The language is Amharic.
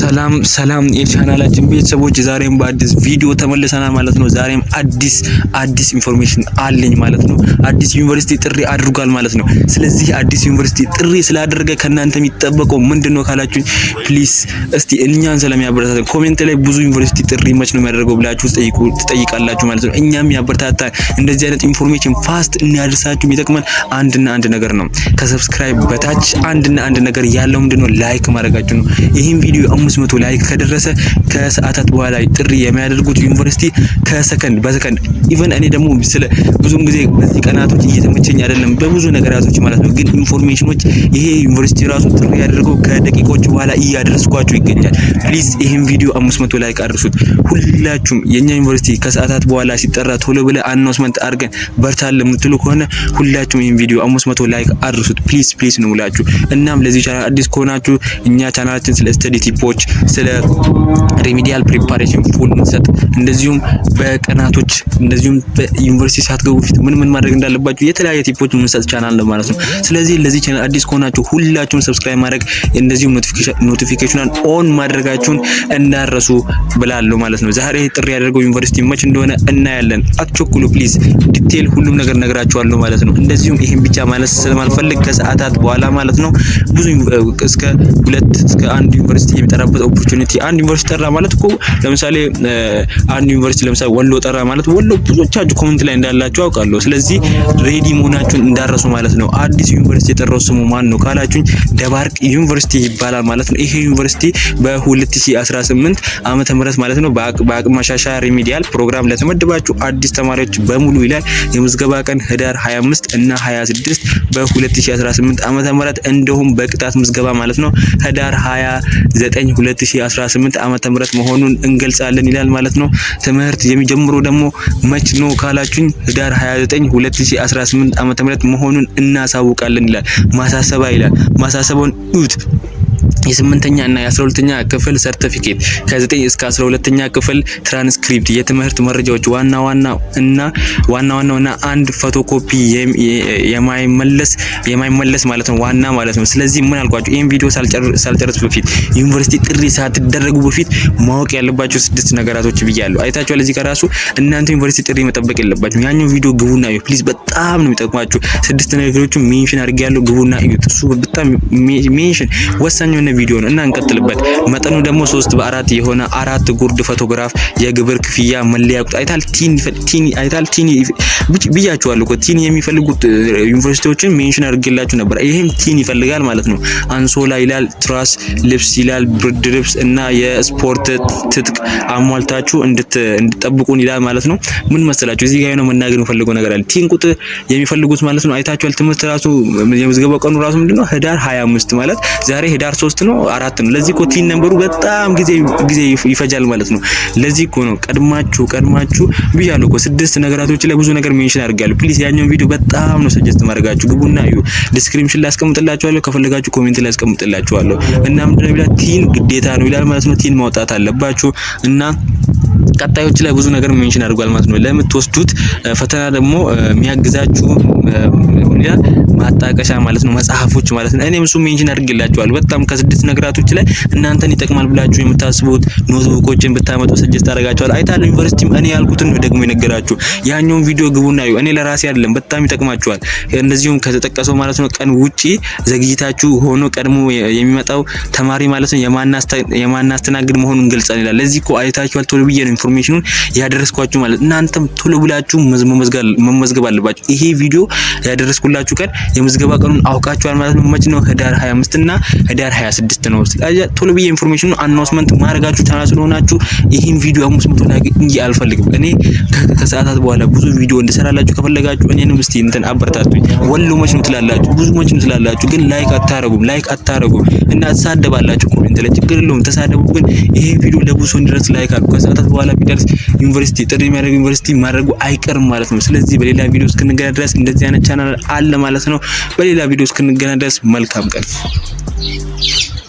ሰላም ሰላም የቻናላችን ቤተሰቦች ዛሬም በአዲስ ቪዲዮ ተመልሰናል ማለት ነው። ዛሬም አዲስ አዲስ ኢንፎርሜሽን አለኝ ማለት ነው። አዲስ ዩኒቨርሲቲ ጥሪ አድርጓል ማለት ነው። ስለዚህ አዲስ ዩኒቨርሲቲ ጥሪ ስላደረገ ከእናንተ የሚጠበቀው ምንድን ነው ካላችሁ፣ ፕሊስ እስቲ እኛን ስለሚያበረታታ ኮሜንት ላይ ብዙ ዩኒቨርሲቲ ጥሪ መች ነው የሚያደርገው ብላችሁ ትጠይቃላችሁ ማለት ነው። እኛም ያበረታታ እንደዚህ አይነት ኢንፎርሜሽን ፋስት እናደርሳችሁ የሚጠቅመን አንድና አንድ ነገር ነው። ከሰብስክራይብ በታች አንድና አንድ ነገር ያለው ምንድን ነው ላይክ ማድረጋችሁ ነው። ይህም ቪዲዮ 500 ላይክ ከደረሰ ከሰዓታት በኋላ ጥሪ የሚያደርጉት ዩኒቨርሲቲ ከሰከንድ በሰከንድ ኢቨን እኔ ደግሞ ስለ ብዙም ጊዜ በዚህ ቀናቶች እየተመቸኝ አይደለም በብዙ ነገራቶች ማለት ነው። ግን ኢንፎርሜሽኖች ይሄ ዩኒቨርሲቲ ራሱ ጥሪ ያደርገው ከደቂቆች በኋላ እያደረስኳችሁ ይገኛል። ፕሊዝ ይህን ቪዲዮ 500 ላይክ አድርሱት ሁላችሁም። የኛ ዩኒቨርሲቲ ከሰዓታት በኋላ ሲጠራ ቶሎ ብለ አናውንስመንት አድርገን በርታል የምትሉ ከሆነ ሁላችሁም ይህን ቪዲዮ 500 ላይክ አድርሱት ፕሊዝ ፕሊዝ ነው ሙላችሁ። እናም ለዚህ ቻናል አዲስ ከሆናችሁ እኛ ቻናላችን ስለ ስተዲ ቲፕ ጽሁፎች፣ ስለ ሪሚዲያል ፕሪፓሬሽን ፉል ምንሰጥ፣ እንደዚሁም በቀናቶች እንደዚሁም በዩኒቨርሲቲ ሳትገቡ በፊት ምን ምን ማድረግ እንዳለባችሁ የተለያየ ቲፖች ምንሰጥ ቻናል ነው ማለት ነው። ስለዚህ ለዚህ ቻናል አዲስ ከሆናችሁ ሁላችሁም ሰብስክራይብ ማድረግ እንደዚሁም ኖቲፊኬሽናል ኦን ማድረጋችሁን እንዳረሱ ብላለሁ ማለት ነው። ዛሬ ጥሪ ያደረገው ዩኒቨርሲቲ መች እንደሆነ እናያለን። አትቸኩሉ ፕሊዝ፣ ዲቴል ሁሉም ነገር ነግራችኋለሁ ማለት ነው። እንደዚሁም ይህን ብቻ ማለት ስለማልፈልግ ከሰዓታት በኋላ ማለት ነው ብዙ እስከ ሁለት እስከ አንድ ዩኒቨርሲቲ የሚጠራበት ኦፖርቹኒቲ አንድ ዩኒቨርሲቲ ጠራ ማለት እኮ ለምሳሌ አንድ ዩኒቨርሲቲ ለምሳሌ ወሎ ጠራ ማለት ወሎ ብዙዎቻችሁ ኮሜንት ላይ እንዳላችሁ አውቃለሁ። ስለዚህ ሬዲ መሆናችሁን እንዳረሱ ማለት ነው። አዲስ ዩኒቨርሲቲ የጠራው ስሙ ማን ነው ካላችሁኝ ደባርቅ ዩኒቨርሲቲ ይባላል ማለት ነው። ይሄ ዩኒቨርሲቲ በ2018 ዓመተ ምህረት ማለት ነው በአቅም ማሻሻያ ሪሚዲያል ፕሮግራም ለተመደባችሁ አዲስ ተማሪዎች በሙሉ ይላል የምዝገባ ቀን ህዳር 25 እና 26 በ2018 ዓመተ ምህረት እንደሁም በቅጣት ምዝገባ ማለት ነው ህዳር 29 2018 ዓመተ ምህረት መሆኑን እንገልጻለን ይላል ማለት ነው። ትምህርት የሚጀምሩ ደግሞ መች ነው ካላችሁኝ ህዳር 29 2018 ዓመተ ምህረት መሆኑን እናሳውቃለን ይላል። ማሳሰባ ይላል። ማሳሰባውን ኡት የስምንተኛ እና የአስራሁለተኛ ክፍል ሰርቲፊኬት ከዘጠኝ እስከ አስራሁለተኛ ክፍል ትራንስክሪፕት የትምህርት መረጃዎች ዋና ዋና እና ዋና ዋናው እና አንድ ፎቶኮፒ የማይመለስ የማይመለስ ማለት ነው ዋና ማለት ነው። ስለዚህ ምን አልኳችሁ ይህን ቪዲዮ ሳልጨርስ በፊት ዩኒቨርሲቲ ጥሪ ሳትደረጉ በፊት ማወቅ ያለባችሁ ስድስት ነገራቶች ብያለሁ። አይታችኋል። እዚህ ከራሱ እናንተ ዩኒቨርሲቲ ጥሪ መጠበቅ የለባችሁ። ያኛው ቪዲዮ ግቡና እዩ ፕሊዝ፣ በጣም ነው የሚጠቅማችሁ። ስድስት ነገሮችን ሜንሽን አድርጌያለሁ። ግቡና እዩ። እሱ በጣም ሜንሽን ወሳኝ የሆነ ቪዲዮ ነው እና እንቀጥልበት። መጠኑ ደግሞ ሶስት በአራት የሆነ አራት ጉርድ ፎቶግራፍ የግብር ክፍያ መለያ ቁጥ አይታል ቲን ቲን አይታል ቲን ብያችኋለሁ እኮ ቲን የሚፈልጉት ዩኒቨርሲቲዎችን ሜንሽን አድርጌላችሁ ነበር። ይሄም ቲን ይፈልጋል ማለት ነው። አንሶላ ይላል፣ ትራስ ልብስ ይላል፣ ብርድ ልብስ እና የስፖርት ትጥቅ አሟልታችሁ እንድትጠብቁን ይላል ማለት ነው። ምን መሰላችሁ እዚህ ጋር ነው መናገር የሚፈልገው ነገር አለ። ቲን ቁጥ የሚፈልጉት ማለት ነው። አይታችኋል። ትምህርት ራሱ የምዝገባው ቀኑ ራሱ ምንድነው ህዳር 25 ማለት ዛሬ ህዳር 3 ነው አራት ነው። ለዚህ እኮ ቲን ነበሩ በጣም ጊዜ ጊዜ ይፈጃል ማለት ነው። ለዚህ እኮ ነው ቀድማችሁ ቀድማችሁ ብያለሁ እኮ ስድስት ነገራቶች ላይ ብዙ ነገር ሜንሽን አድርጋለሁ። ፕሊስ ያኛውን ቪዲዮ በጣም ነው ሰጀስት ማድረጋችሁ፣ ግቡና እዩ። ዲስክሪፕሽን ላይ አስቀምጥላችኋለሁ፣ ከፈለጋችሁ ኮሜንት ላይ አስቀምጥላችኋለሁ። እና ምንድነው ይላል ቲን ግዴታ ነው ይላል ማለት ነው። ቲን ማውጣት አለባችሁ እና ቀጣዮች ላይ ብዙ ነገር ሜንሽን አድርጓል ማለት ነው። ለምትወስዱት ፈተና ደግሞ የሚያግዛችሁ ማጣቀሻ ማለት ነው መጽሐፎች ማለት ነው። እኔም እሱ ሜንሽን አድርጌላችኋል። በጣም ከስድስት ነገራቶች ላይ እናንተን ይጠቅማል ብላችሁ የምታስቡት ኖትቡኮችን ብታመጡ ሰጀስት አደርጋችኋል። አይታለሁ ዩኒቨርሲቲም እኔ ያልኩትን ነው ደግሞ የነገራችሁ። ያኛውን ቪዲዮ ግቡና እኔ ለራሴ አይደለም በጣም ይጠቅማችኋል። እንደዚሁም ከተጠቀሰው ማለት ነው ቀን ውጪ ዘግይታችሁ ሆኖ ቀድሞ የሚመጣው ተማሪ ማለት ነው የማናስተናግድ መሆኑን ገልጸን ይላል። ለዚህ እኮ አይታችኋል። ቶሎ ብዬ ነው ኢንፎርሜሽኑን ያደረስኳችሁ ማለት እናንተም ቶሎ ብላችሁ መመዝገብ አለባችሁ። ይሄ ቪዲዮ ያደረስኩላችሁ ቀን የምዝገባ ቀኑን አውቃችኋል ማለት ነው። መች ነው? ህዳር 25 እና ህዳር 26 ነው። ስለዚህ ቶሎ ብዬ ኢንፎርሜሽኑ አናውንስመንት ማድረጋችሁ ተራ ስለሆናችሁ ይህን ቪዲዮ አምስት መቶ ላይክ እንጂ አልፈልግም። እኔ ከሰዓታት በኋላ ብዙ ቪዲዮ እንድሰራላችሁ ከፈለጋችሁ እኔንም እስቲ እንትን አበረታቱኝ። ወሎ መች ነው ትላላችሁ፣ ብዙ መች ነው ትላላችሁ፣ ግን ላይክ አታረጉም። ላይክ አታረጉም እና ተሳደባላችሁ ኮሜንት ላይ ችግር የለውም ተሳደቡ፣ ግን ይሄ ቪዲዮ ለብዙ ሰው እንዲደርስ ላይክ አድርጉ። ከሰዓታት በኋላ ቢደርስ ዩኒቨርሲቲ ጥሪ የሚያደርግ ዩኒቨርሲቲ ማድረጉ አይቀርም ማለት ነው። ስለዚህ በሌላ ቪዲዮ እስክንገናኝ ድረስ እንደዚህ እንደዚህ አይነት ቻናል አለ ማለት ነው። በሌላ ቪዲዮ እስክንገናኝ ድረስ መልካም ቀን